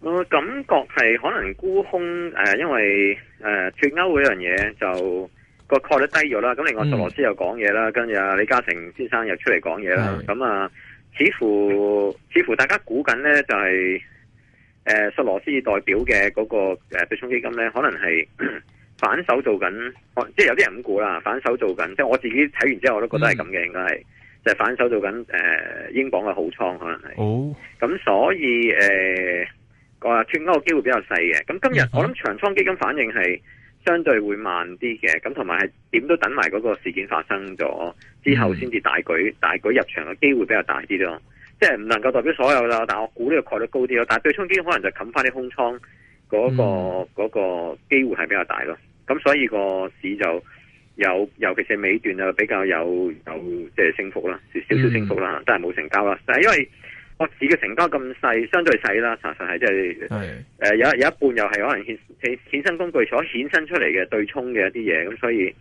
我感覺係可能沽空誒、呃，因為誒、呃、脫歐嗰樣嘢就個概率低咗啦。咁另外索、嗯、羅斯又講嘢啦，跟住阿李嘉誠先生又出嚟講嘢啦。咁、嗯、啊、嗯，似乎似乎大家估緊咧，就係誒索羅斯代表嘅嗰、那個誒、對、呃、沖基金咧，可能係反手做緊，即係有啲人咁估啦。反手做緊、呃，即係我自己睇完之後我都覺得係咁嘅，應該係就係、是、反手做緊誒、呃、英鎊嘅好倉可能係。哦，咁、嗯、所以誒。呃話嘅機會比較細嘅，咁今日我諗長倉基金反應係相對會慢啲嘅，咁同埋係點都等埋嗰個事件發生咗之後，先至大舉大舉入場嘅機會比較大啲咯，即係唔能夠代表所有啦，但我估呢個概率高啲咯，但係對沖基金可能就冚翻啲空倉嗰、嗰個嗰、嗯嗰個機會係比較大咯，咁所以個市就有尤其是尾段啊，比較有有即係升幅啦，少少少升幅啦、嗯，但係冇成交啦，就係因為。我市嘅成交咁細，相對細啦，查實係即係誒，有有一半又係可能衍生工具所衍生出嚟嘅對沖嘅一啲嘢，咁所以誒、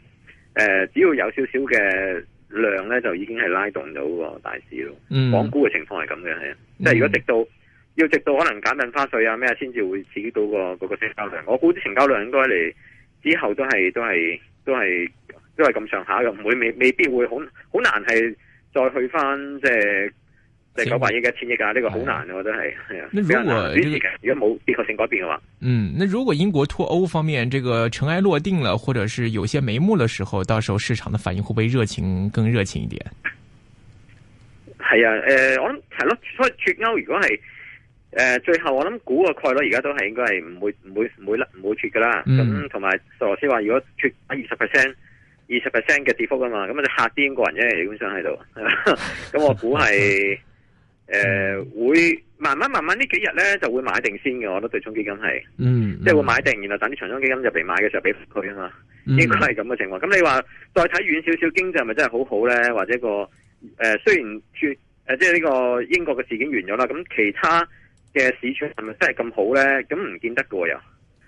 呃，只要有少少嘅量咧，就已經係拉動到個大市咯。港股嘅情況係咁嘅，即係如果直到要直到可能減印花稅啊咩啊，先至會刺激到個嗰、那個成交量。我估啲成交量應該嚟之後都係都係都係都係咁上下嘅，唔會未未必會好好難係再去翻即係。九百億一千億噶，呢個好難啊！我都係係啊。如果如果冇結構性改變嘅話，嗯，那如果英國脫歐方面這個塵埃落定了，或者是有些眉目的時候，到時候市場的反應會唔會熱情更熱情一點？係、嗯這個、啊，誒、呃，我諗係咯，脫脫歐如果係誒、呃，最後我諗估嘅概率而家都係應該係唔會唔會唔會唔會脫噶啦。咁同埋索羅斯話，如果脫二十 percent，二十 percent 嘅跌幅啊嘛，咁啊吓啲英國人啫，基本上喺度。咁 我估係。 誒、呃，會慢慢慢慢幾呢幾日咧，就會買定先嘅。我覺得對沖基金係，嗯，即、嗯、係、就是、會買定，然後等啲長中基金入嚟買嘅時候俾佢啊嘛，嗯、應該係咁嘅情況。咁你話再睇遠少少經濟係咪真係好好咧？或者一個誒、呃、雖然脫誒即係呢個英國嘅事件完咗啦，咁其他嘅市場係咪真係咁好咧？咁唔見得嘅又，即、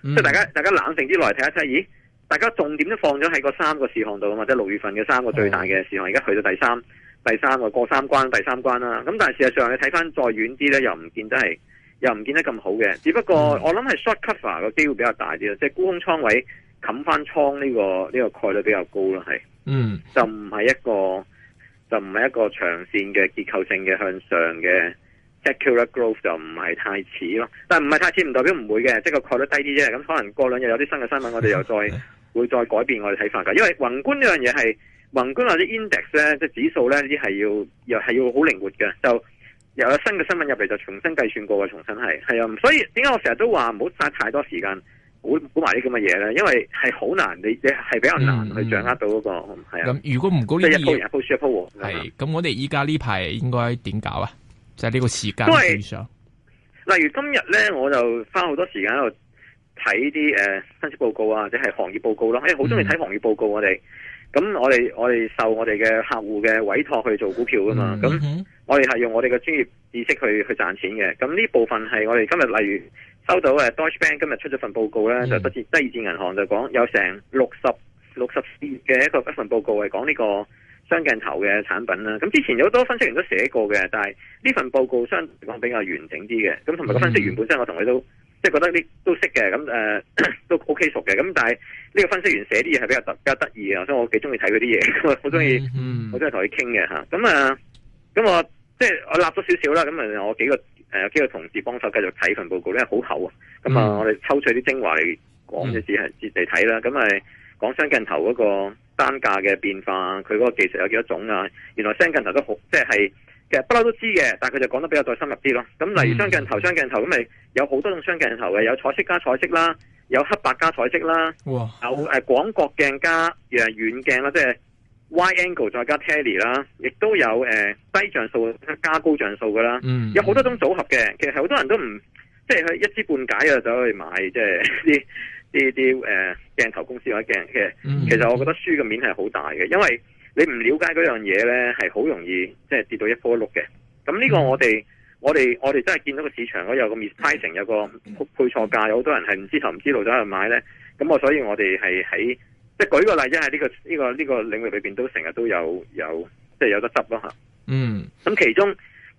嗯、係大家大家冷靜啲嚟睇一睇，咦？大家重點都放咗喺個三個事項度啊嘛，即係六月份嘅三個最大嘅事項，而、嗯、家去到第三。第三個過三關，第三關啦。咁但係事實上，你睇翻再遠啲呢，又唔見得係，又唔見得咁好嘅。只不過我諗係 short cover 個機會比較大啲咯，即係沽空倉位冚翻倉呢個呢個概率比較高咯，係。嗯。就唔係一個就唔係一個長線嘅結構性嘅向上嘅 secular growth 就唔係太似咯。但係唔係太似唔代表唔會嘅，即係個概率低啲啫。咁可能過兩日有啲新嘅新聞，我哋又再會再改變我哋睇法㗎。因為宏觀呢樣嘢係。宏觀或者 index 咧，即係指數咧，呢啲係要又係要好靈活嘅，就又有新嘅新聞入嚟就重新計算過，重新係係啊，所以點解我成日都話唔好嘥太多時間估估埋啲咁嘅嘢咧？因為係好難，你你係比較難去掌握到嗰、那個係啊。咁、嗯、如果唔估呢啲嘢，即係一鋪一鋪輸一鋪。係咁，我哋依家呢排應該點搞啊？就係、是、呢個時間上。例如今日咧，我就花好多時間喺度睇啲誒分析報告啊，或者係行業報告啦、啊。誒、哎，好中意睇行業報告、啊嗯，我哋。咁我哋我哋受我哋嘅客戶嘅委託去做股票㗎嘛，咁、mm-hmm. 我哋係用我哋嘅專業知識去去賺錢嘅。咁呢部分係我哋今日例如收到誒、mm-hmm. Deutsche Bank 今日出咗份報告咧，就德意志銀行就講有成六十六十四嘅一個一份報告係講呢、mm-hmm. 60, 60個雙鏡頭嘅產品啦。咁之前有好多分析員都寫過嘅，但係呢份報告相對嚟講比較完整啲嘅。咁同埋個分析員本身，我同佢都、mm-hmm.。即係覺得呢都識嘅，咁、嗯、誒都 OK 熟嘅，咁但係呢個分析員寫啲嘢係比較特比較得意嘅，所以我幾中意睇佢啲嘢，好中意，我都係同佢傾嘅吓。咁、嗯、啊，咁、嗯嗯、我即係我立咗少少啦，咁啊我幾個誒、呃、幾個同事幫手繼續睇份報告咧，好厚啊。咁、嗯、啊，嗯、那我哋抽取啲精華嚟講嘅字係字嚟睇啦。咁、嗯、啊，講雙鏡頭嗰個單價嘅變化，佢嗰個技術有幾多種啊？原來雙鏡頭都好，即係。其實不嬲都知嘅，但係佢就講得比較再深入啲咯。咁例如雙鏡頭、雙鏡頭咁咪有好多種雙鏡頭嘅，有彩色加彩色啦，有黑白加彩色啦，有誒廣角鏡加誒遠鏡啦，即係 wide angle 再加 tally 啦，亦都有誒低像素加高像素噶啦。嗯，有好多種組合嘅。其實好多人都唔即係一知半解嘅就去買即係啲啲啲誒鏡頭公司嗰啲鏡嘅。其實我覺得輸嘅面係好大嘅，因為。你唔了解嗰樣嘢呢，係好容易即係跌到一波碌嘅。咁呢個我哋、嗯、我哋我哋真係見到個市場嗰有個 mispricing，有個配錯價，有好多人係唔知頭唔知路走去買呢。咁我所以我哋係喺即係舉個例，即係呢個呢、呢個呢、呢個領域裏面都成日都有有即係有得執咯嚇。嗯。咁其中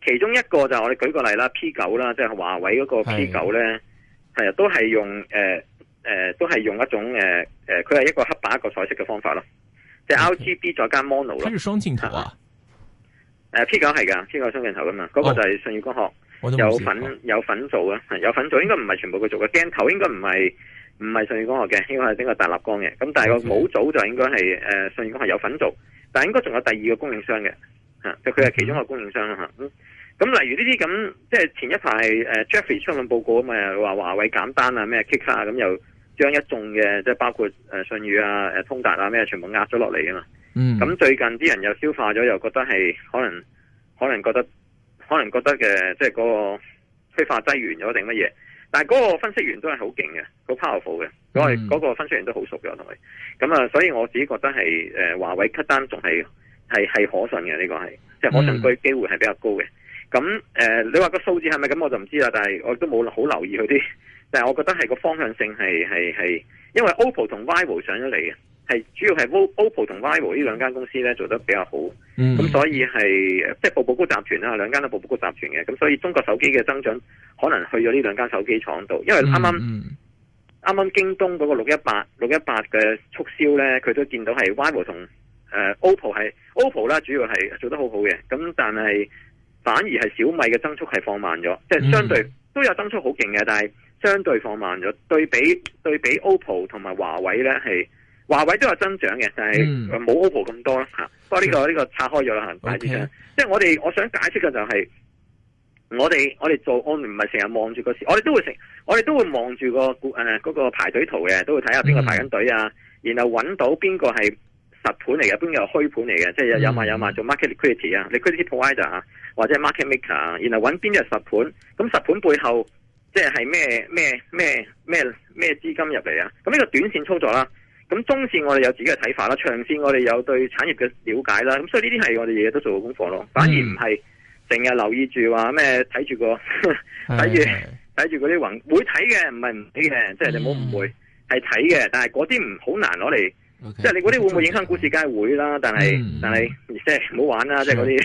其中一個就係我哋舉個例啦，P 九啦，即係華為嗰個 P 九呢，係啊都係用誒、呃呃、都係用一種誒佢係一個黑白一個彩色嘅方法咯。即、就、係、是、RGB 再加 mono 啦，佢係雙鏡頭啊！誒，P 九係噶，P 九雙鏡頭噶嘛？嗰、那個就係信，oh, 啊信，呃、信義光學有粉有粉做啊，有粉做應該唔係全部佢做嘅，鏡頭應該唔係唔係信義光學嘅，應該係整個大立光嘅。咁但係個母組就應該係誒信義光學有粉做，但係應該仲有第二個供應商嘅吓，就佢係其中一個供應商啦吓。咁、mm-hmm. 啊、例如呢啲咁，即係前一排誒 Jeffrey 出份報告啊嘛，話華為簡單啊咩 Kick 啊咁又。將一眾嘅即係包括誒信譽啊、誒通達啊咩，全部壓咗落嚟啊嘛。嗯。咁最近啲人又消化咗，又覺得係可能，可能覺得，可能覺得嘅，即係嗰個催化劑完咗定乜嘢？但係嗰個分析員都係好勁嘅，好 powerful 嘅。我係嗰個分析員都好熟嘅，同佢。咁啊，所以我自己覺得係誒，華、呃、為 cut 單仲係係係可信嘅，呢、這個係即係可信，佢機會係比較高嘅。咁、嗯、誒、呃，你話個數字係咪咁？我就唔知啦。但係我都冇好留意佢啲。但係，我覺得係個方向性係係係，因為 OPPO 同 VIVO 上咗嚟嘅，係主要係 OPPO 同 VIVO 呢兩間公司咧做得比較好。咁、嗯、所以係，即係步步高集團啦，兩間都步步高集團嘅。咁所以中國手機嘅增長可能去咗呢兩間手機廠度，因為啱啱啱啱京東嗰個六一八六一八嘅促銷咧，佢都見到係 VIVO 同誒、呃、OPPO 係 OPPO 啦，主要係做得好好嘅。咁但係反而係小米嘅增速係放慢咗、嗯，即係相對都有增速好勁嘅，但係。相對放慢咗，對比對比 OPPO 同埋華為咧，係華為都有增長嘅，但係冇 OPPO 咁多啦吓。不過呢個呢、嗯這個拆開咗啦，大致上即係、okay, 我哋我想解釋嘅就係、是，我哋我哋做我唔係成日望住個市，我哋都會成，我哋都會望住、那個誒嗰、那個排隊圖嘅，都會睇下邊個排緊隊啊、嗯，然後揾到邊個係實盤嚟嘅，邊個係虛盤嚟嘅，即、嗯、係、就是、有賣有埋有埋做 market liquidity 啊，liquidity provider 或者 market maker 啊，然後揾邊隻實盤，咁實盤背後。即係咩咩咩咩咩資金入嚟啊！咁、這、呢個短線操作啦，咁中線我哋有自己嘅睇法啦，長線我哋有對產業嘅了解啦，咁所以呢啲係我哋日日都做功課咯、嗯，反而唔係成日留意住話咩睇住個睇住睇住嗰啲雲會睇嘅，唔係唔睇嘅，即係、就是、你唔好誤會係睇嘅，但係嗰啲唔好難攞嚟，okay, 即係你嗰啲會唔會影響股市？梗係會啦、嗯，但係、嗯、但係即係唔好玩啦，即係嗰啲。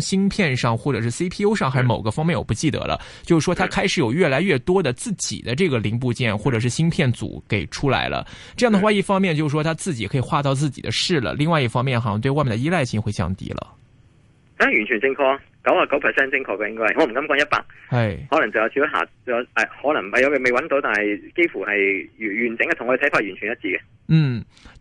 芯片上，或者是 CPU 上，還是某個方面，我不記得了。就是說，它開始有越來越多的自己的這個零部件，或者是芯片組給出來了。這樣的話，一方面就是說，他自己可以畫到自己的事了，另外一方面，好像對外面的依賴性會降低了。啊，完全正確，九啊九 percent 正確的，應該我唔敢講一百，係可能就有少少瑕，可能有未未揾到，但係幾乎係完完整嘅，同我哋嘅睇法完全一致嘅，嗯。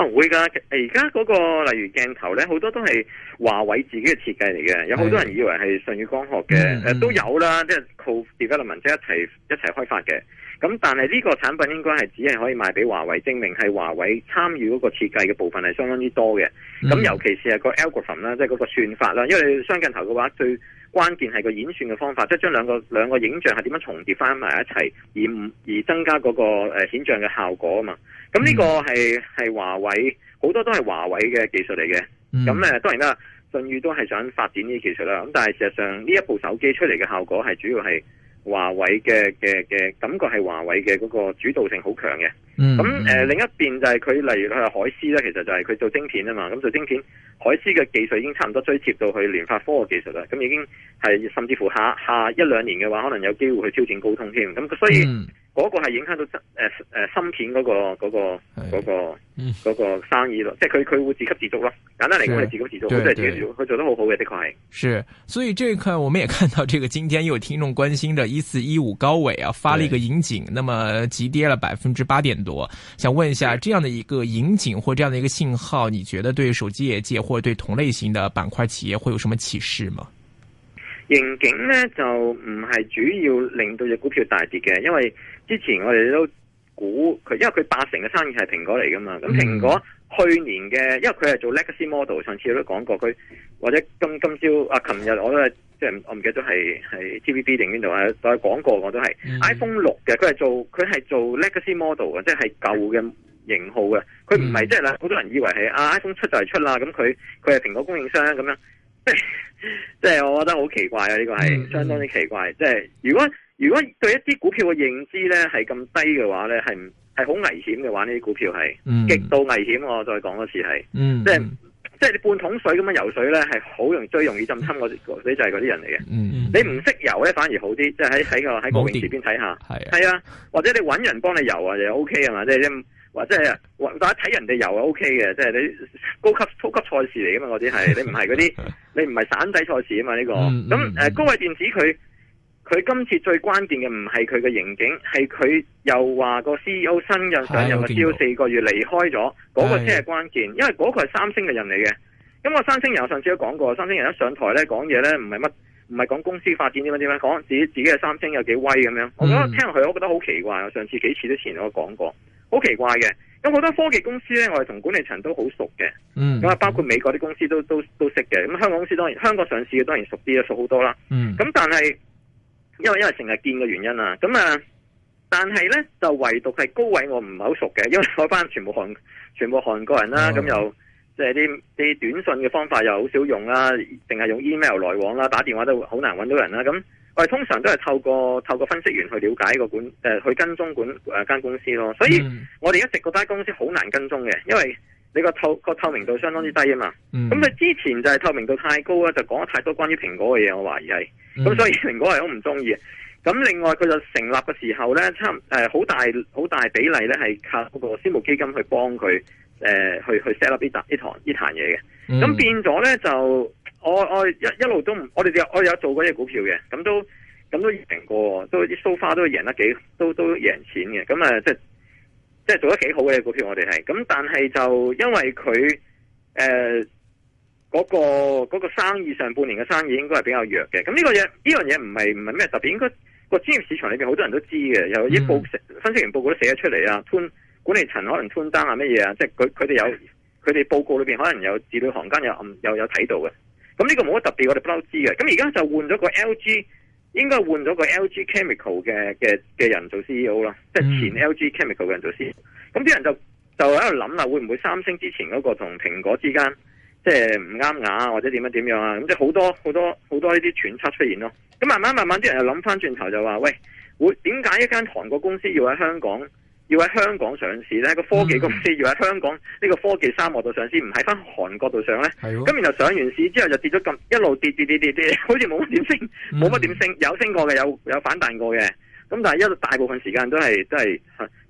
可能會㗎，而家嗰個例如鏡頭咧，好多都係華為自己嘅設計嚟嘅，有好多人以為係舜宇光學嘅，誒都有啦，mm-hmm. 即係靠自家嘅文友一齊一齊開發嘅。咁但係呢個產品應該係只係可以賣俾華為，證明係華為參與嗰個設計嘅部分係相當之多嘅。咁、mm-hmm. 尤其是係個 algorithm 啦，即係嗰個算法啦，因為雙鏡頭嘅話最關鍵係個演算嘅方法，即係將兩個兩個影像係點樣重疊翻埋一齊，而而增加嗰、那個誒顯、呃、像嘅效果啊嘛。咁呢個係係華為好多都係華為嘅技術嚟嘅。咁誒，當然啦，信宇都係想發展呢啲技術啦。咁但係事實上呢一部手機出嚟嘅效果係主要係。華為嘅嘅嘅感覺係華為嘅嗰個主導性好強嘅，咁、嗯、誒、呃、另一邊就係佢例如佢係海思咧，其實就係佢做晶片啊嘛，咁做晶片海思嘅技術已經差唔多追貼到去聯發科嘅技術啦，咁已經係甚至乎下下一兩年嘅話，可能有機會去挑戰高通添，咁所以。嗯嗰、那個係影響到芯誒誒芯片嗰、那個、那個、那個、那個那個生意咯，嗯，即係佢，佢會自給自足咯。簡單嚟講係自給自足，佢係做，佢做得好好嘅的確係。所以這一塊我們也看到，這個今天又有聽眾關心的 E4, 高、啊，一四一五高偉啊發了一個盈警，那麼急跌了百分之八點多。想問一下，這樣的一個盈警或這樣的一個信號，你覺得對手機業界或對同類型的板塊企業會有什麼啟示嗎？盈警咧就唔係主要令到隻股票大跌嘅，因為之前我哋都估佢，因為佢八成嘅生意係蘋果嚟噶嘛。咁、mm-hmm. 蘋果去年嘅，因為佢係做 legacy model，上次我都講過，佢或者今今朝啊，琴日我都係即係我唔記得咗係係 T V B 定邊度啊，都係講過，我都係 iPhone 六嘅，佢、mm-hmm. 係做佢係做 legacy model 即係舊嘅型號嘅，佢唔係即係啦，好、mm-hmm. 多人以為係啊 iPhone 出就係出啦，咁佢佢係蘋果供應商咁樣。即係，即係我覺得好奇怪啊！呢個係相當之奇怪。即係如果如果對一啲股票嘅認知呢係咁低嘅話呢係係好危險嘅話，呢啲股票係極、嗯、度危險。我再講多次係、嗯，即係即係你半桶水咁樣游水呢係好容易最容易浸親我。你就係嗰啲人嚟嘅。你唔識、嗯嗯、游呢，反而好啲，即係喺喺個喺泳池邊睇下，係啊，啊，或者你揾人幫你游啊，就 O K 啊嘛，即係。或者係，大家睇人哋游係 O K 嘅，即係你高級高級賽事嚟噶嘛？嗰啲係你唔係嗰啲，你唔係散仔賽事啊嘛？呢、這個咁誒、嗯嗯，高偉電子佢佢今次最關鍵嘅唔係佢嘅盈警，係佢又話個 C E O 新任上任嘅 C E O 四個月離開咗，嗰、那個先係關鍵，因為嗰個係三星嘅人嚟嘅。咁我三星人我上次都講過，三星人一上台咧講嘢咧，唔係乜唔係講公司發展點樣點樣，講自己自己嘅三星有幾威咁樣、嗯。我覺得聽落去，我覺得好奇怪。我上次幾次都前度講過。好奇怪嘅，咁好多科技公司呢，我哋同管理層都好熟嘅，咁、嗯、啊，包括美國啲公司都都都識嘅，咁香港公司當然香港上市嘅當然熟啲啦，熟好多啦，咁、嗯、但係因為因為成日見嘅原因啦，咁啊，但係呢，就唯獨係高偉我唔係好熟嘅，因為嗰班全部韓全部韓國人啦，咁、嗯、又。即係啲啲短信嘅方法又好少用啦，淨係用 email 來往啦，打電話都好難揾到人啦。咁我哋通常都係透過透過分析員去了解個管誒、呃、去跟蹤管誒間、呃、公司咯。所以我哋一直覺得間公司好難跟蹤嘅，因為你個透個透明度相當之低啊嘛。咁、嗯、佢之前就係透明度太高啊，就講咗太多關於蘋果嘅嘢，我懷疑係。咁所以蘋果係好唔中意。咁另外佢就成立嘅時候呢，差誒好大好大比例呢係靠個私募基金去幫佢。誒、呃，去去 set up，嗯，呢堂呢壇嘢嘅。咁變咗咧就我我一一路都我哋我有做嗰啲股票嘅，咁都咁都贏過，都啲 so far 都贏得幾，都贏都贏錢嘅，咁啊即即係做得幾好嘅股票我，我哋係，咁但係就因為佢誒嗰個嗰、那個、生意上半年嘅生意應該係比較弱嘅，咁呢、這個嘢呢樣嘢唔係唔係咩特別，應該，這個專業市場裏面好多人都知嘅，有啲報分析員報告都寫咗出嚟啊。潘、嗯。管理層可能推單啊，乜嘢啊，即係佢佢哋有佢哋報告裏邊可能有字裏行間有暗又有睇到嘅，咁呢、呢個冇乜特別，我哋不嬲知嘅。咁而家就換咗個 LG，應該換咗個 LG Chemical 嘅嘅嘅人做 CEO 啦，即係前 LG Chemical 嘅人做 CEO、嗯。咁啲人就就喺度諗啦，會唔會三星之前嗰個同蘋果之間即係唔啱眼啊，或者點樣點樣啊？咁、啊、即係好多好多好多呢啲揣測出現咯。咁慢慢慢慢，啲人又諗翻轉頭就話喂，會點解一間韓國公司要喺香港？要喺香港上市咧，個科技公司要喺香港呢個科技沙漠度上市，唔喺翻韓國度上咧。咁、嗯、然後上完市之後就跌咗咁，一路跌跌跌跌跌，好似冇乜點升，冇乜點升，有升過嘅，有有反彈過嘅。咁但係一路大部分時間都係都係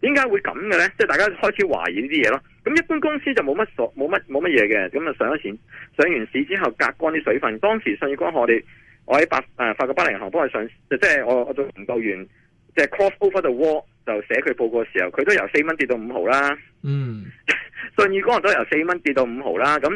點解會咁嘅咧？即係大家開始懷疑啲嘢咯。咁一般公司就冇乜所冇乜冇乜嘢嘅，咁啊上咗錢上完市之後隔乾啲水分。當時信義光學，我哋我喺法國巴黎銀行幫佢上，即係我我做研究員，即係 cross over the wall。就寫佢報告嘅時候，佢都由四蚊跌到五毫啦。嗯，信義光行都由四蚊跌到五毫啦。咁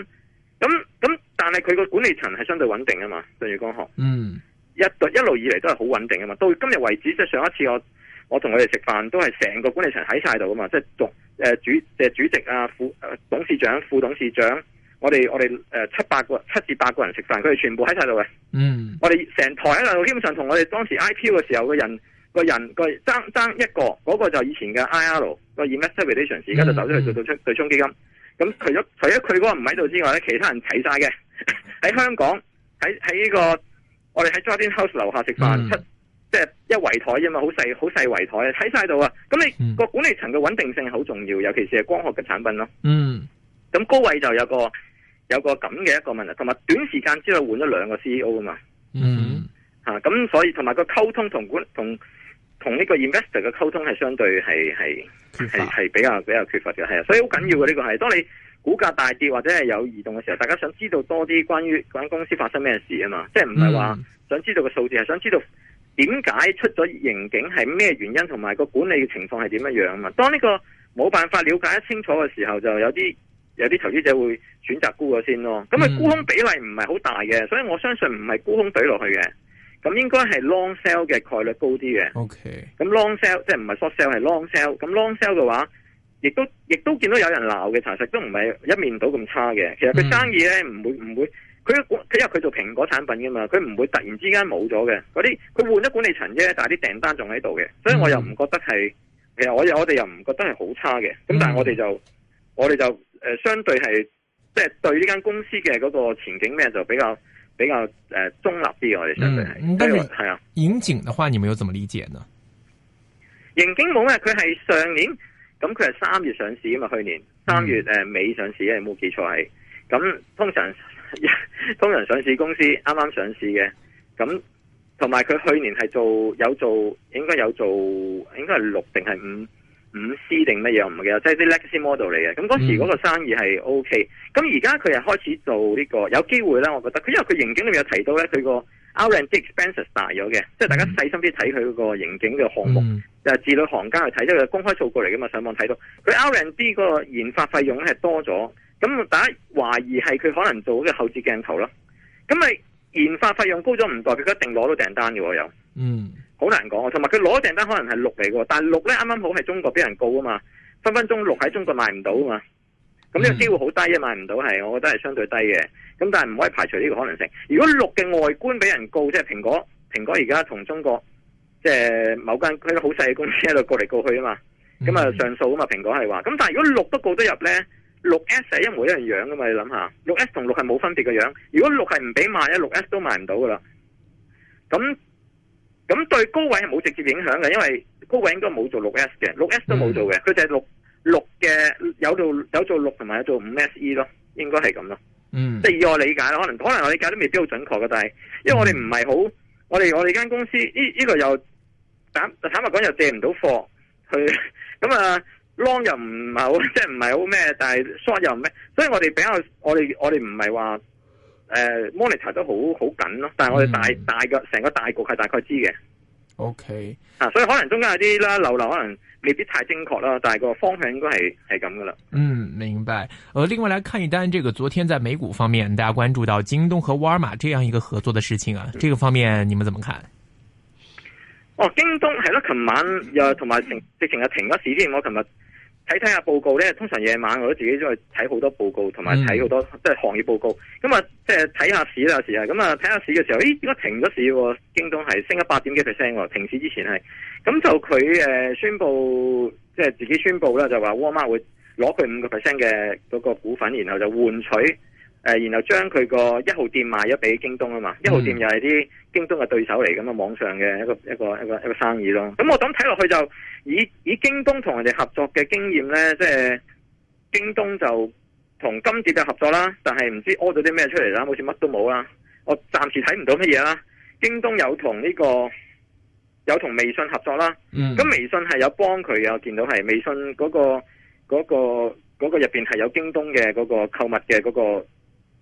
咁咁，但係佢個管理層係相對穩定啊嘛。信義光行，嗯，一一路以嚟都係好穩定啊嘛。到今日為止，即係上一次我我同佢哋食飯，都係成個管理層喺晒度㗎嘛。即係總誒主誒主席啊，副誒董事長、副董事長，我哋我哋誒七八個七至八個人食飯，佢哋全部喺晒度嘅。嗯，我哋成台喺度，基本上同我哋當時 IPO 嘅時候嘅人。個人個爭爭一個，嗰、那個就以前嘅 I.R. 個 Investigation 而家就走出去做做沖對沖基金。咁、mm-hmm. 除咗除咗佢嗰個唔喺度之外咧，其他人睇晒嘅。喺 香港喺喺呢個我哋喺 Jardine House 樓下食飯，mm-hmm. 七即係、就是、一圍台啫嘛，好細好細圍台，睇晒到啊。咁你個、mm-hmm. 管理層嘅穩定性好重要，尤其是係光學嘅產品咯。嗯，咁高偉就有個有個咁嘅一個問題，同埋短時間之內換咗兩個 C.E.O. 啊嘛。嗯、mm-hmm. 啊，咁所以同埋個溝通同管同。同呢個 investor 嘅溝通係相對係係係比較比較缺乏嘅，係啊，所以好緊要嘅呢個係，當你股價大跌或者係有異動嘅時候，大家想知道多啲關於嗰間公司發生咩事啊嘛，即係唔係話想知道個數字，係想知道點解出咗盈警係咩原因，同埋個管理嘅情況係點樣樣啊嘛。當呢個冇辦法了解得清楚嘅時候，就有啲有啲投資者會選擇沽咗先咯。咁啊沽空比例唔係好大嘅，所以我相信唔係沽空懟落去嘅。咁應該係 long sell 嘅概率高啲嘅。O K。咁 long sell 即係唔係 short sell 係 long sell 咁 long sell 嘅話，亦都亦都見到有人鬧嘅，查實都唔係一面倒咁差嘅。其實佢生意咧唔會唔會，佢佢因為佢做蘋果產品嘅嘛，佢唔會突然之間冇咗嘅。嗰啲佢換咗管理層啫，但係啲訂單仲喺度嘅。所以我又唔覺得係、嗯，其實我我哋又唔覺得係好差嘅。咁、嗯、但係我哋就我哋就相對係即係對呢間公司嘅嗰個前景咩就比較。比較誒、呃、中立啲，我哋相對係。但係，盈、啊、警的話，你們有怎麼理解呢？盈警冇咩，佢係上年咁，佢係三月上市噶嘛？去年三月誒、嗯呃、尾上市嘅，冇記錯係。咁通常 通常上市公司啱啱上市嘅，咁同埋佢去年係做有做，應該有做，應該係六定係五。五 C 定乜嘢我唔記得，即係啲 legacy model 嚟嘅。咁嗰時嗰個生意係 O K。咁而家佢又開始做呢、呢個有機會呢。我覺得有。佢因為佢盈警裏面有提到咧，佢個 R&D expenses 大咗嘅，即、嗯、係大家細心啲睇佢嗰個盈警嘅項目，就字裏行間去睇，因係佢公開數過嚟嘅嘛，上網睇到佢 R&D 個研發費用係多咗。咁大家懷疑係佢可能做嘅後置鏡頭咯。咁咪研發費用高咗唔代表一定攞到訂單嘅喎又嗯。好難講啊，同埋佢攞訂單可能係六嚟嘅，但係六咧啱啱好係中國俾人告啊嘛，分分鐘六喺中國賣唔到啊嘛，咁呢個機會好低啊，賣唔到係，我覺得係相對低嘅，咁但係唔可以排除呢個可能性。如果六嘅外觀俾人告，即係蘋果，蘋果而家同中國即係、就是、某間佢都好細嘅公司喺度過嚟過去啊嘛，咁、嗯、啊上訴啊嘛，蘋果係話，咁但係如果六都告得入咧，六 S 係一模一樣樣噶嘛，你諗下，六 S 同六係冇分別嘅樣，如果六係唔俾賣啊，六 S 都賣唔到噶啦，咁。咁對高位係冇直接影響嘅，因為高位應該冇做六 S 嘅，六 S 都冇做嘅，佢就係六六嘅，有做有做六同埋有做五 S E 咯，應該係咁咯。嗯，即係、嗯、以我理解啦，可能可能我理解都未必好準確嘅，但係因為我哋唔係好，我哋我哋間公司呢依、這個又坦坦白講又借唔到貨去，咁 啊 long 又唔係好，即係唔係好咩，但係 short 又唔咩，所以我哋比較我哋我哋唔係話。誒、呃、monitor 都好好緊咯，但係我哋大、嗯、大、大個成個大局係大概知嘅。O、okay. K，啊，所以可能中間有啲啦，漏漏可能未必太精確啦，但係個方向應該係係咁噶啦。嗯，明白。誒，另外嚟看一單、這個，呢個昨天在美股方面，大家關注到京東和沃爾瑪這樣一個合作嘅事情啊、嗯，這個方面你們怎麼看？哦，京東係咯，琴晚又同埋直情又停咗市添，我琴日。睇睇下報告咧，通常夜晚我都自己都去睇好多報告，同埋睇好多即係行業報告。咁、嗯、啊，即係睇下市啦，時下咁啊睇下市嘅時候，咦？點解停咗市喎？京東係升咗八點幾 percent 喎？停市之前係，咁就佢誒、呃、宣布，即係自己宣布啦，就話沃爾瑪會攞佢五個 percent 嘅嗰個股份，然後就換取。誒，然後將佢個一號店賣咗俾京東啊嘛、嗯，一號店又係啲京東嘅對手嚟，嘅嘛，網上嘅一個一個一個一個生意咯。咁我咁睇落去就以以京東同人哋合作嘅經驗呢，即係京東就同金蝶就合作啦，但係唔知屙咗啲咩出嚟啦，好似乜都冇啦。我暫時睇唔到乜嘢啦。京東有同呢、這個有同微信合作啦，咁、嗯、微信係有幫佢啊，我見到係微信嗰、那個嗰、那個嗰、那個入邊係有京東嘅嗰個購物嘅嗰、那個。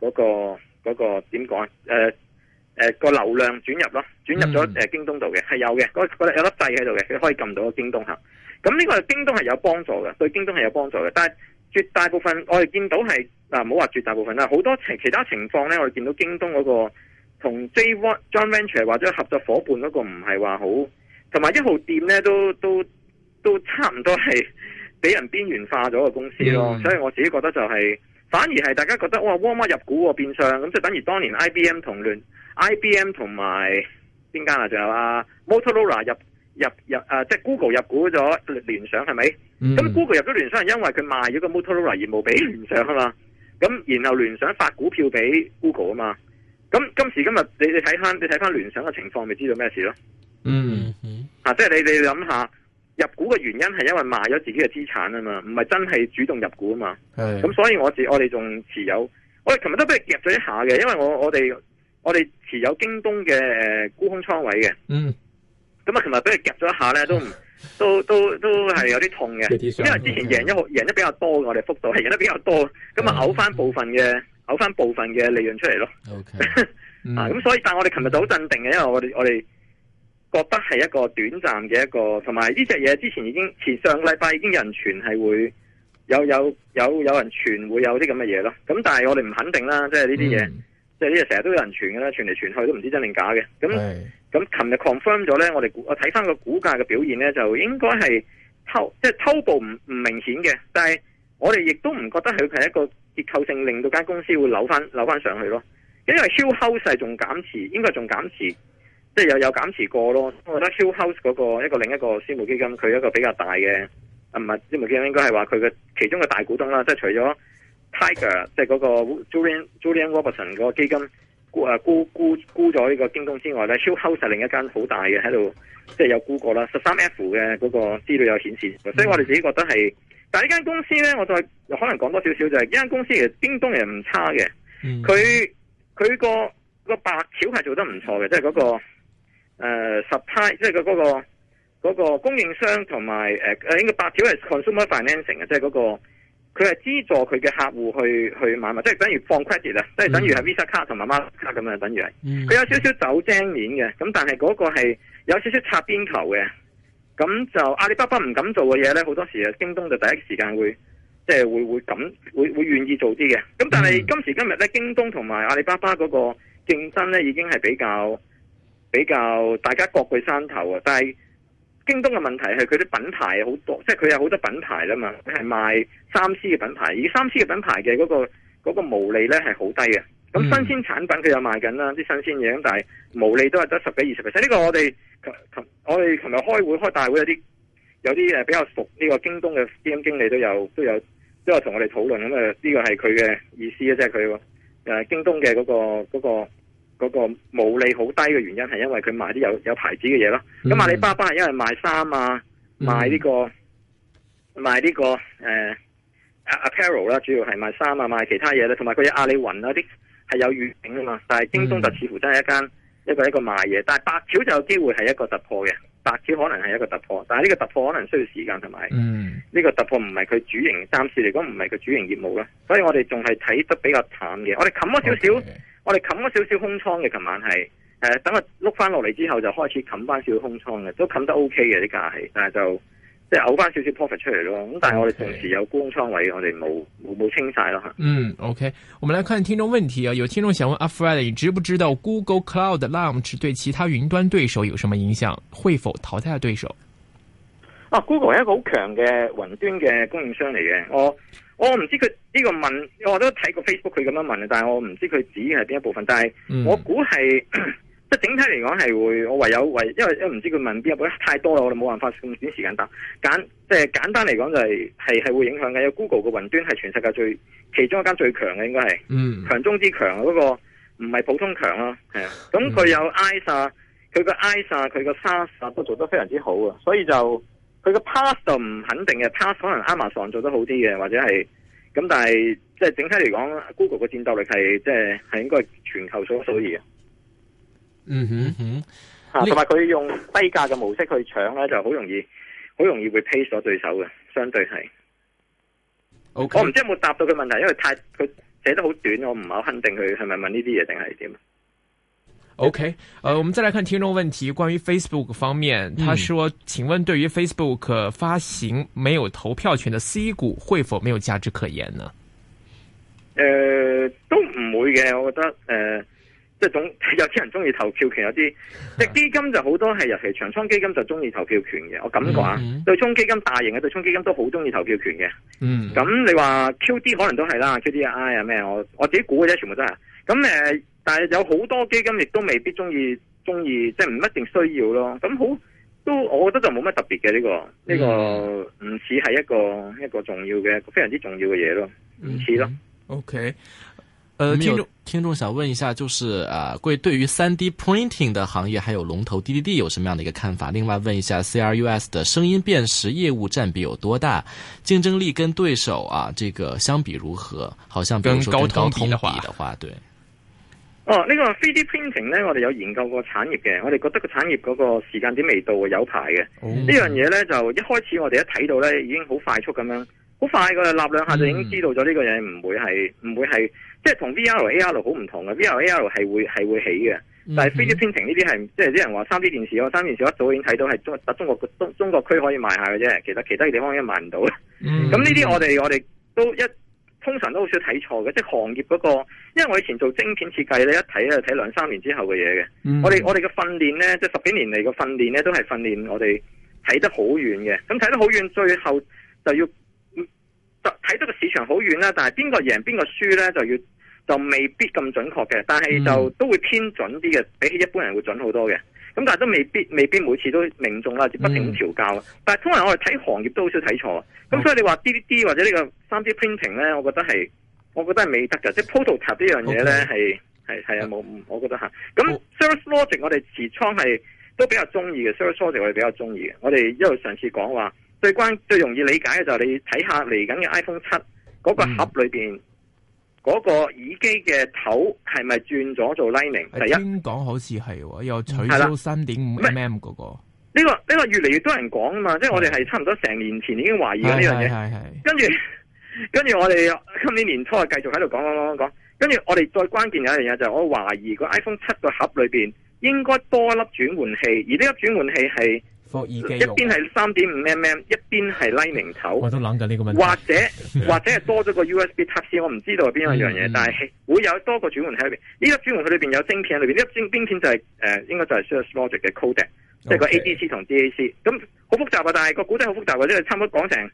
嗰個嗰個點講啊？呃呃個流量轉入咯，轉入咗京東度嘅係有嘅，嗰有粒掣喺度嘅，佢可以撳到京東下。咁呢個係京東係有幫助嘅，對京東係有幫助嘅。但係絕大部分我哋見到係嗱，唔好話絕大部分啦，好多其其他情況咧，我哋見到京東嗰、那個同 J One Joint Venture 或者合作伙伴嗰個唔係話好，同埋一號店咧都都都差唔多係俾人邊緣化咗個公司咯。嗯、所以我自己覺得就係、是。反而係大家覺得哇，蝸蝸入股喎變相，咁即係等於當年 I B M 同聯 I B M 同埋邊間啊？仲有啊 Motorola 入入入啊，即係 Google 入股咗聯想係咪？咁、嗯嗯、Google 入咗聯想係因為佢賣咗個 Motorola 業務俾聯想啊嘛，咁、嗯嗯、然後聯想發股票俾 Google 啊嘛，咁今時今日你你你睇翻你睇翻聯想嘅情況，咪知道咩事咯？嗯，嗯，嗯、啊，即係你你諗下。入股嘅原因係因為賣咗自己嘅資產啊嘛，唔係真係主動入股啊嘛。係，咁所以我自我哋仲持有，我哋琴日都俾佢夾咗一下嘅，因為我我哋我哋持有京東嘅誒、呃、沽空倉位嘅。嗯。咁啊，琴日俾佢夾咗一下咧，都 都都都係有啲痛嘅， 因為之前贏一贏得比較多，我哋幅度係贏得比較多，咁啊嘔翻部分嘅嘔翻部分嘅利潤出嚟咯、okay. 嗯。啊，咁所以但係我哋琴日就好鎮定嘅，因為我哋我哋。覺得係一個短暫嘅一個，同埋呢隻嘢，之前已經前上個禮拜已經有人傳係會有有有有人傳會有啲咁嘅嘢咯。咁但係我哋唔肯定啦，即係呢啲嘢，嗯、即係呢隻成日都有人傳嘅啦，傳嚟傳去都唔知真定假嘅。咁咁琴日 confirm 咗咧，我哋睇翻個股價嘅表現咧，就應該係偷即係、就是、偷步，唔唔明顯嘅。但係我哋亦都唔覺得佢係一個結構性令到間公司會扭翻扭翻上去咯，因為 Hillhouse 係仲減持，應該仲減持。即係有有減持過咯，我覺得 Hillhouse 嗰個一個另一個私募基金，佢一個比較大嘅，唔係私募基金，應該係話佢嘅其中嘅大股東啦。即係除咗 Tiger，即係嗰個 Julian Julian Robertson 嗰個基金沽啊沽沽沽咗呢個京東之外咧 ，Hillhouse 另一間好大嘅喺度，即係有沽過啦。十三 F 嘅嗰個資料有顯示，所以我哋自己覺得係，但係呢間公司咧，我再可能講多少少就係呢間公司其實京東又唔差嘅，佢佢個個白條係做得唔錯嘅，即係嗰個。誒 supply 即係佢嗰個嗰個供應商同埋誒誒應該白條係 consumer financing 啊、嗰個，即係嗰個佢係資助佢嘅客戶去去買物，即係等於放 credit 啊，即係等於係 Visa 卡同埋 Master 卡咁啊，等於係佢有少少走精面嘅，咁但係嗰個係有少少擦邊球嘅，咁就阿里巴巴唔敢做嘅嘢咧，好多時啊，京東就第一時間會即係會會咁會會願意做啲嘅，咁但係今時今日咧，京東同埋阿里巴巴嗰個競爭咧已經係比較。比較大家各據山頭啊！但係京東嘅問題係佢啲品牌好多，即係佢有好多品牌啦嘛，係賣三 C 嘅品牌，而三 C 嘅品牌嘅嗰個嗰個毛利咧係好低嘅。咁新鮮產品佢又賣緊啦，啲新鮮嘢咁，但係毛利都係得十幾二十 percent。呢個我哋琴琴我哋琴日開會開大會有啲有啲誒比較熟呢個京東嘅基金經理都有都有都有同我哋討論咁啊！呢個係佢嘅意思啊，即係佢誒京東嘅嗰個嗰個。嗰、那個毛利好低嘅原因係因為佢賣啲有有牌子嘅嘢咯，咁阿里巴巴係因為賣衫啊，賣呢、這個、mm. 賣呢、這個誒、呃、apparel 啦，主要係賣衫啊，賣其他嘢咧，同埋佢有阿里雲嗰啲係有預警啊嘛，但係京東就似乎真係一間、mm. 一個一個賣嘢，但係白條就有機會係一個突破嘅，白條可能係一個突破，但係呢個突破可能需要時間同埋，呢、mm. 個突破唔係佢主營暫時嚟講唔係佢主營業務啦，所以我哋仲係睇得比較淡嘅，我哋冚咗少少。我哋冚咗少少空倉嘅，琴晚係誒，等佢碌翻落嚟之後就開始冚翻少少空倉嘅，都冚得 OK 嘅啲價，係，但係就即係嘔翻少少 profit 出嚟咯。咁但係我哋同時有沽空倉位，我哋冇冇清晒咯吓。嗯，OK。我們來看聽眾問題啊，有聽眾想問：，Fred，知唔知道 Google Cloud Launch 對其他雲端對手有什麼影響？會否淘汰對手？啊，Google 係一個好強嘅雲端嘅供應商嚟嘅，我。我唔知佢呢個問，我都睇過 Facebook 佢咁樣問啊，但係我唔知佢指係邊一部分。但係我估係即係整體嚟講係會，我唯有為因為因唔知佢問邊一部分太多啦，我哋冇辦法咁短時間答。簡即係、就是、簡單嚟講就係係係會影響嘅。有 Google 嘅雲端係全世界最其中一間最強嘅，應該係強中之強嗰、嗰個唔係普通強啊，係啊。咁佢有 IaaS，佢個 IaaS，佢個 SaaS 都做得非常之好啊，所以就。佢個 pass 就唔肯定嘅 pass 可能 Amazon 做得好啲嘅，或者係咁，但係即係整體嚟講，Google 嘅戰鬥力係即係係應該全球數一數二嘅。嗯哼哼，啊，同埋佢用低價嘅模式去搶咧，就好容易，好容易會 pace 咗對手嘅，相對係。OK，我唔知有冇答到佢問題，因為太佢寫得好短，我唔係好肯定佢係咪問呢啲嘢定係點。OK，誒、呃，我、嗯、們再來看聽眾問題，關於 Facebook 方面，他說，嗯、請問對於 Facebook 發行沒有投票權的 C 股，會否沒有價值可言呢？誒、呃，都唔會嘅，我覺得誒，即係總有啲人中意投票權，有啲即、啊、基金就好多係尤其長倉基金就中意投票權嘅，我感覺、啊嗯，對沖基金大型嘅對沖基金都好中意投票權嘅，嗯，咁你話 QD 可能都係啦，QDII 啊咩，我我自己估嘅啫，全部都係，咁誒。呃但係有好多基金亦都未必中意中意，即係唔一定需要咯。咁好都，我覺得就冇乜特別嘅呢、這個呢、嗯這個唔似係一個一個重要嘅非常之重要嘅嘢咯，唔似咯。嗯、OK，呃聽眾聽眾想問一下，就是啊，貴對於 3D printing 的行業還有龍頭 D D D 有什麼樣的一個看法？另外問一下 C R U S 的聲音辨識業務占比有多大？競爭力跟對手啊，這個相比如何？好像比如說高通比的話，對。哦，呢、這個 3D printing 咧，我哋有研究過產業嘅，我哋覺得個產業嗰個時間點未到有排嘅。Oh. 樣呢樣嘢咧就一開始我哋一睇到咧，已經好快速咁樣，好快噶立兩下就已經知道咗呢個嘢唔、mm-hmm. 會係唔會係，即係同 VR、AR 好唔同嘅。VR、AR 係會係會起嘅，mm-hmm. 但係 3D printing 呢啲係，即係啲人話 3D 電視啊，3D 電視一早已經睇到係中，中國中國區可以賣下嘅啫，其實其他嘅地方已經賣唔到啦。咁呢啲我哋我哋都一。通常都好少睇錯嘅，即係行業嗰個，因為我以前做晶片設計咧，一睇咧睇兩三年之後嘅嘢嘅。我哋我哋嘅訓練咧，即係十幾年嚟嘅訓練咧，都係訓練我哋睇得好遠嘅。咁睇得好遠，最後就要睇得個市場好遠啦，但係邊個贏邊個輸咧，就要。就未必咁準確嘅，但係就都會偏準啲嘅、嗯，比起一般人會準好多嘅。咁但係都未必未必每次都命中啦，就不停調教。嗯、但係通常我哋睇行業都好少睇錯。咁、嗯、所以你話 DVD 或者個 3D 呢個三 D printing 咧，我覺得係，我覺得係未得㗎、嗯。即係 prototype 呢樣嘢咧，係係係啊，冇、嗯、我覺得吓。咁 service logic 我哋持倉係都比較中意嘅，service logic 我哋比較中意嘅。我哋一路上次講話最關最容易理解嘅就係你睇下嚟緊嘅 iPhone 七嗰個盒裏邊。嗯嗰、那個耳機嘅頭係咪轉咗做 lightning？第一，先講好似係又取消三點五 mm 嗰、那個。呢、那個呢、這個這個越嚟越多人講啊嘛，即係我哋係差唔多成年前已經懷疑呢樣嘢，跟住跟住我哋今年年初啊繼續喺度講講講講跟住我哋再關鍵有一樣嘢就係我懷疑個 iPhone 七個盒裏面應該多一粒轉換器，而呢粒轉換器係。一邊係三點五 mm，一邊係 Lightning 頭，我都諗緊呢個問題。或者 或者係多咗個 USB 插線，我唔知道係邊一樣嘢、嗯，但係會有多個轉換喺裏邊。呢個轉換佢裏邊有晶片喺裏邊，裏邊呢個晶片就係、是、誒、呃、應該就係 Cirrus Logic 嘅 codec 就即係個 ADC 同 DAC。咁好複雜，是很複雜、就是、 啊，但係個古仔好複雜，或者係差唔多講成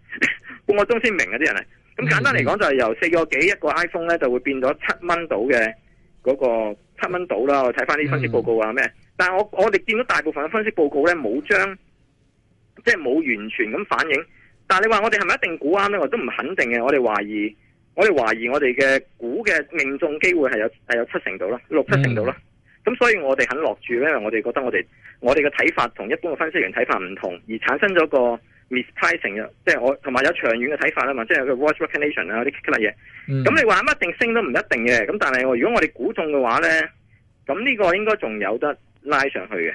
半個鐘先明啊！啲人啊，咁簡單嚟講就係由四個幾一個 iPhone 咧就會變咗七蚊到嘅，嗰個七蚊到啦。我睇翻啲分析報告啊咩、嗯？但係我我哋見到大部分嘅分析報告咧冇將。即係冇完全咁反映，但係你話我哋係咪一定估啱咧？我都唔肯定嘅。我哋懷疑，我哋懷疑我哋嘅估嘅命中機會係有係有七成度啦，六七成度啦。咁、嗯、所以我哋肯落注咧，為我哋覺得我哋我哋嘅睇法同一般嘅分析員睇法唔同，而產生咗個 mispricing 嘅，即係我同埋有長遠嘅睇法啊嘛，即係個 voice recognition 啊啲咁嘢。咁你話乜一定升都唔一定嘅，咁但係我如果我哋估中嘅話咧，咁呢個應該仲有得拉上去嘅。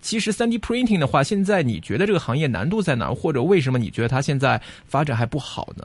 其實 3D printing 嘅話，現在你覺得這個行業難度在哪？或者為什麼你覺得它現在發展還不好呢？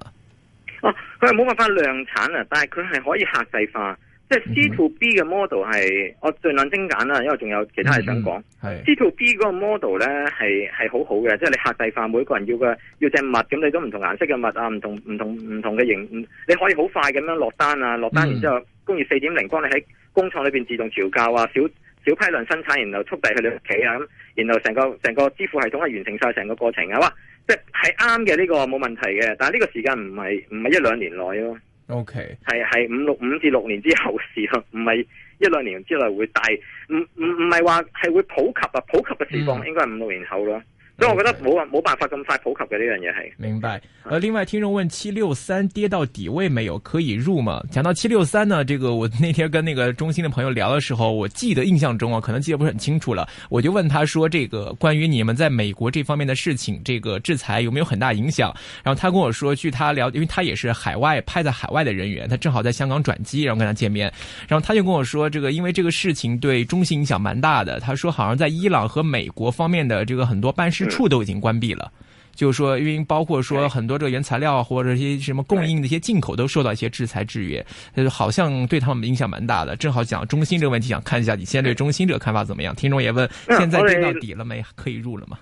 啊、哦，佢係冇辦法量產啊，但係佢係可以客製化，即係 C to B 嘅 model 係、嗯，我盡量精簡啦，因為仲有其他嘢想講。係 C to B 嗰個 model 咧，係係好好嘅，即係你客製化每個人要嘅要隻物，咁你都唔同顏色嘅物啊，唔同唔同唔同嘅型。你可以好快咁樣落單啊，落單然之後工業四點零幫你喺工廠裏邊自動調教啊，小。小批量生產，然後速遞去你屋企啊咁，然後成個成個支付系統係完成晒成個過程啊！哇，即係啱嘅呢個冇問題嘅，但係呢個時間唔係唔係一兩年內咯。OK，係係五六五至六年之後嘅事咯，唔係一兩年之內會大，唔唔唔係話係會普及啊，普及嘅情況應該係五、嗯、五六年後咯。所、嗯、以我覺得冇冇辦法咁快普及嘅呢樣嘢。係。明白。呃，另外聽眾問七六三跌到底位沒有？可以入嗎？講到七六三呢，這個我那天跟那個中興的朋友聊的時候，我記得印象中啊，可能記得不是很清楚了。我就問他說，這個關於你們在美國這方面的事情，這個制裁有沒有很大影響？然後他跟我說，據他了解，因為他也是海外派在海外的人員，他正好在香港轉機，然後跟他見面，然後他就跟我說，這個因為這個事情對中興影響蠻大的。他說，好像在伊朗和美國方面的這個很多辦事。處、嗯、都已經關閉了，就是說，因為包括說很多這個原材料或者一些什麼供應的一些進口都受到一些制裁制約，嗯、好像對他們影響蠻大的。正好講中芯這個問題，想看一下你現在對中芯這個看法怎麼樣？聽眾也問，現在跌到底了沒，啊？可以入了嗎？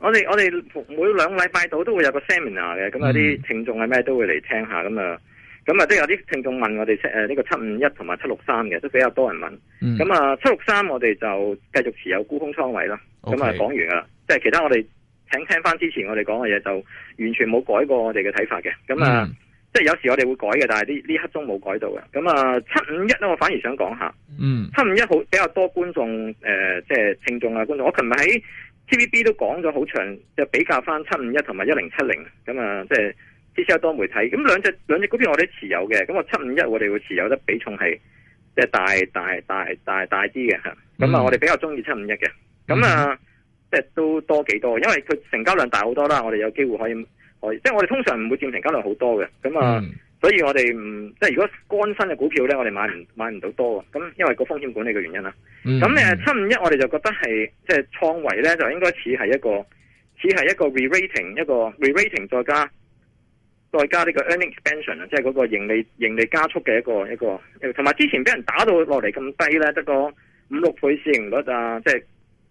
我哋我哋每兩禮拜度都會有個 seminar 嘅，咁有啲聽眾係咩都會嚟聽下咁啊，咁啊即係有啲聽眾問我哋誒呢個七五一同埋七六三嘅都比較多人問，咁啊七六三我哋就繼續持有沽空倉位啦，咁啊講完啦。即係其他我哋請聽翻之前我哋講嘅嘢，就完全冇改過我哋嘅睇法嘅。咁啊，mm. 即係有時我哋會改嘅，但係呢呢刻中冇改到嘅。咁啊，七五一咧，我反而想講下。嗯、mm.，七五一好比較多觀眾誒，即係聽眾啊，就是、觀眾。我琴日喺 TVB 都講咗好長，就比較翻七五一同埋一零七零咁啊，即係至少多媒體。咁兩隻兩隻股票我哋持有嘅，咁我七五一我哋會持有得比重係即係大大大大大啲嘅吓。咁啊，mm. 我哋比較中意七五一嘅。咁啊。Mm. 即係都多幾多，因為佢成交量大好多啦。我哋有機會可以，可以，即係我哋通常唔會佔成交量好多嘅。咁啊，mm. 所以我哋唔即係如果乾身嘅股票咧，我哋買唔買唔到多、mm. 啊。咁因為個風險管理嘅原因啦。咁誒，七五一我哋就覺得係即係倉位咧，就應該似係一個似係一個 re-rating 一個 re-rating，再加再加呢個 earning expansion 啊，即係嗰個盈利盈利加速嘅一個一個，同埋之前俾人打到落嚟咁低咧，得個五六倍市盈率啊，即係。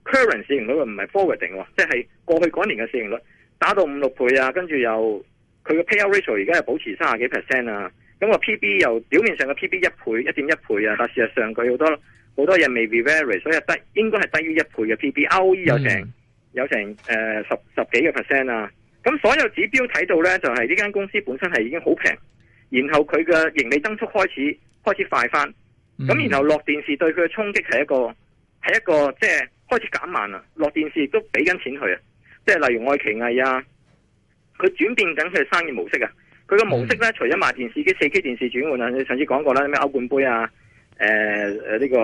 current 市盈率唔係 forwarding 喎，即係過去嗰年嘅市盈率打到五六倍啊，跟住又佢嘅 payout ratio 而家係保持三十幾 percent 啊，咁個 P/B 又表面上嘅 P/B 一倍，一點一倍啊，但事實上佢好多好多嘢未必 vary，所以應該低應該係低於一倍嘅 P/B，ROE 有成、嗯、有成誒十十幾個 percent 啊。咁、呃、所有指標睇到咧就係呢間公司本身係已經好平，然後佢嘅盈利增速開始開始快翻，咁、嗯、然後落電視對佢嘅衝擊係一個。係一個即係開始減慢啦，落電視亦都俾緊錢佢啊！即係例如愛奇藝啊，佢轉變緊佢嘅生意模式啊！佢個模式咧，除咗賣電視機四 K 電視轉換啊，你上次講過啦，咩歐冠盃啊，誒誒呢個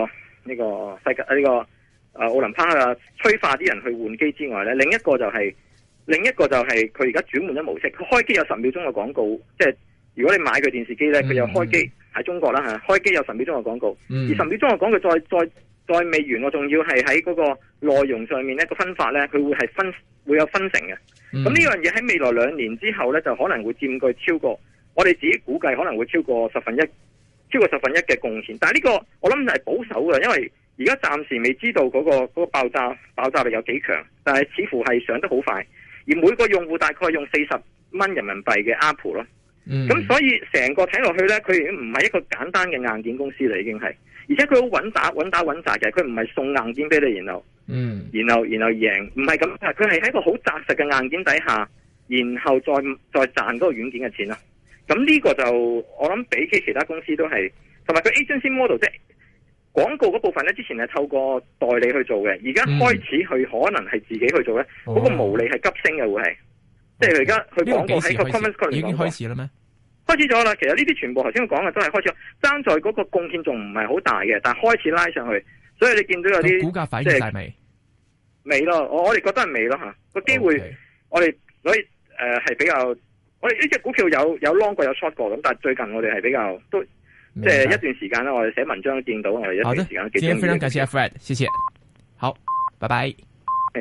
呢個個世界呢個啊奧林匹克啊，催化啲人去換機之外咧，另一個就係、是，另一個就係佢而家轉換咗模式，開機有十秒鐘嘅廣告，即係如果你買佢電視機咧，佢又開機喺中國啦吓，開機有十秒鐘嘅廣告，而十秒鐘嘅廣告再再。再未完，我仲要係喺嗰個內容上面咧，個分法咧，佢會係分會有分成嘅。咁、嗯、呢樣嘢喺未來兩年之後咧，就可能會佔據超過我哋自己估計可能會超過十分一，超過十分一嘅貢獻。但係呢個我諗就係保守嘅，因為而家暫時未知道嗰、嗰個嗰個爆炸爆炸力有幾強，但係似乎係上得好快，而每個用戶大概用四十蚊人民幣嘅 Apple 咯。咁、嗯、所以成個睇落去咧，佢已經唔係一個簡單嘅硬件公司啦，已經係。而且佢好穩打穩打穩紮嘅，佢唔係送硬件俾你，然後，嗯，然後然後贏，唔係咁，佢係喺個好紮實嘅硬件底下，然後再再賺嗰個軟件嘅錢啦。咁、這、呢個就我諗比起其他公司都係，同埋佢 agency model 即係廣告嗰部分咧，之前係透過代理去做嘅，而家開始佢可能係自己去做咧，嗰、嗯，那個毛利係急升嘅會係、哦，即係而家佢廣告喺 commerce 佢已經開始啦咩？開始咗啦，其實呢啲全部頭先講嘅都係開始咗，爭在嗰個貢獻仲唔係好大嘅，但係開始拉上去，所以你見到有啲股價反應晒未？未咯，我我哋覺得係未咯吓，個機會，okay. 我哋所以誒係比較，我哋呢隻股票有有 long 過有 short 過咁，但係最近我哋係比較都即係一段時間啦，我哋寫文章見到我哋一段時間都。好的，今天非常感謝阿 Fred，謝謝，好，拜拜。